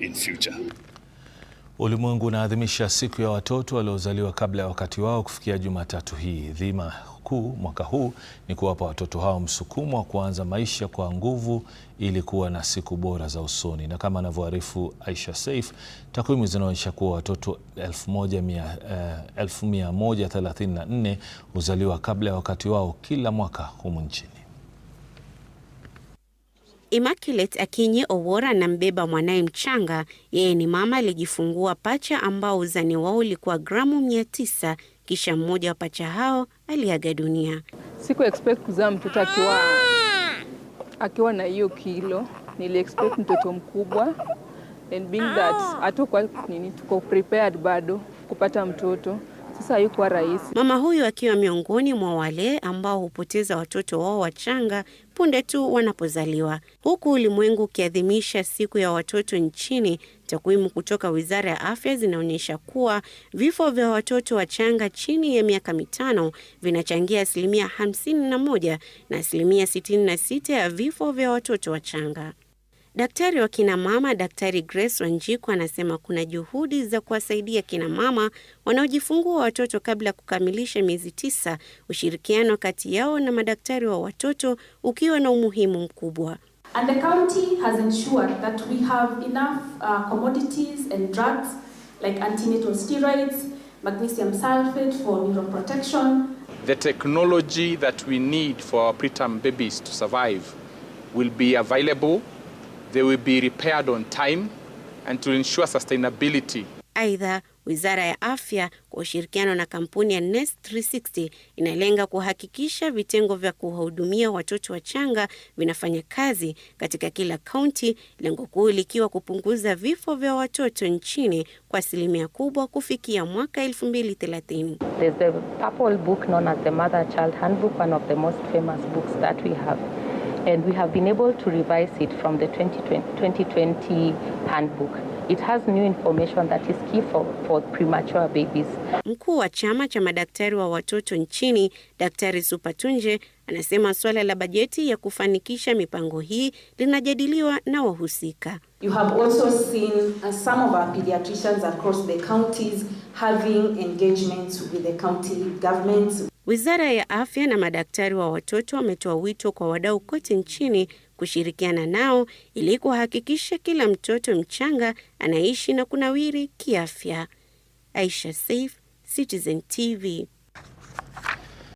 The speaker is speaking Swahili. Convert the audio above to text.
in future. Ulimwengu unaadhimisha siku ya watoto waliozaliwa kabla ya wakati wao kufikia Jumatatu hii. Dhima kuu mwaka huu ni kuwapa watoto hao msukumo wa kuanza maisha kwa nguvu ili kuwa na siku bora za usoni. Na kama anavyoarifu Aisha Saif, takwimu zinaonyesha kuwa watoto 1134 eh, huzaliwa kabla ya wakati wao kila mwaka humu nchini. Immaculate Akinyi Owora na mbeba mwanaye mchanga. Yeye ni mama alijifungua pacha ambao uzani wao ulikuwa gramu mia tisa, kisha mmoja wa pacha hao aliaga dunia. Siku expect kuzaa mtoto akiwa akiwa na hiyo kilo, nili expect mtoto mkubwa and being that hatuko nini, tuko prepared bado kupata mtoto sasa haikuwa rahisi. Mama huyu akiwa miongoni mwa wale ambao hupoteza watoto wao wachanga punde tu wanapozaliwa. Huku ulimwengu ukiadhimisha siku ya watoto nchini, takwimu kutoka Wizara ya Afya zinaonyesha kuwa vifo vya watoto wachanga chini ya miaka mitano vinachangia asilimia 51 na asilimia 66 ya vifo vya watoto wachanga. Daktari wa kina mama, Daktari Grace Wanjiku anasema kuna juhudi za kuwasaidia kina mama wanaojifungua watoto kabla ya kukamilisha miezi tisa, ushirikiano kati yao na madaktari wa watoto ukiwa na umuhimu mkubwa. And the county has ensured that we have enough uh, commodities and drugs like antenatal steroids, magnesium sulfate for neuroprotection. The technology that we need for our preterm babies to survive will be available they will be repaired on time and to ensure sustainability. Aidha, Wizara ya Afya kwa ushirikiano na kampuni ya Nest 360 inalenga kuhakikisha vitengo vya kuwahudumia watoto wachanga vinafanya kazi katika kila kaunti, lengo kuu likiwa kupunguza vifo vya watoto nchini kwa asilimia kubwa kufikia mwaka 2030 and we have been able to revise it from the 2020, 2020 handbook. It has new information that is key for, for premature babies. Mkuu wa chama cha madaktari wa watoto nchini, Daktari Supatunje, anasema swala la bajeti ya kufanikisha mipango hii linajadiliwa na wahusika. You have also seen uh, some of our pediatricians across the counties having engagements with the county governments. Wizara ya Afya na madaktari wa watoto wametoa wito kwa wadau kote nchini kushirikiana nao ili kuhakikisha kila mtoto mchanga anaishi na kunawiri kiafya. Aisha Saif, Citizen TV.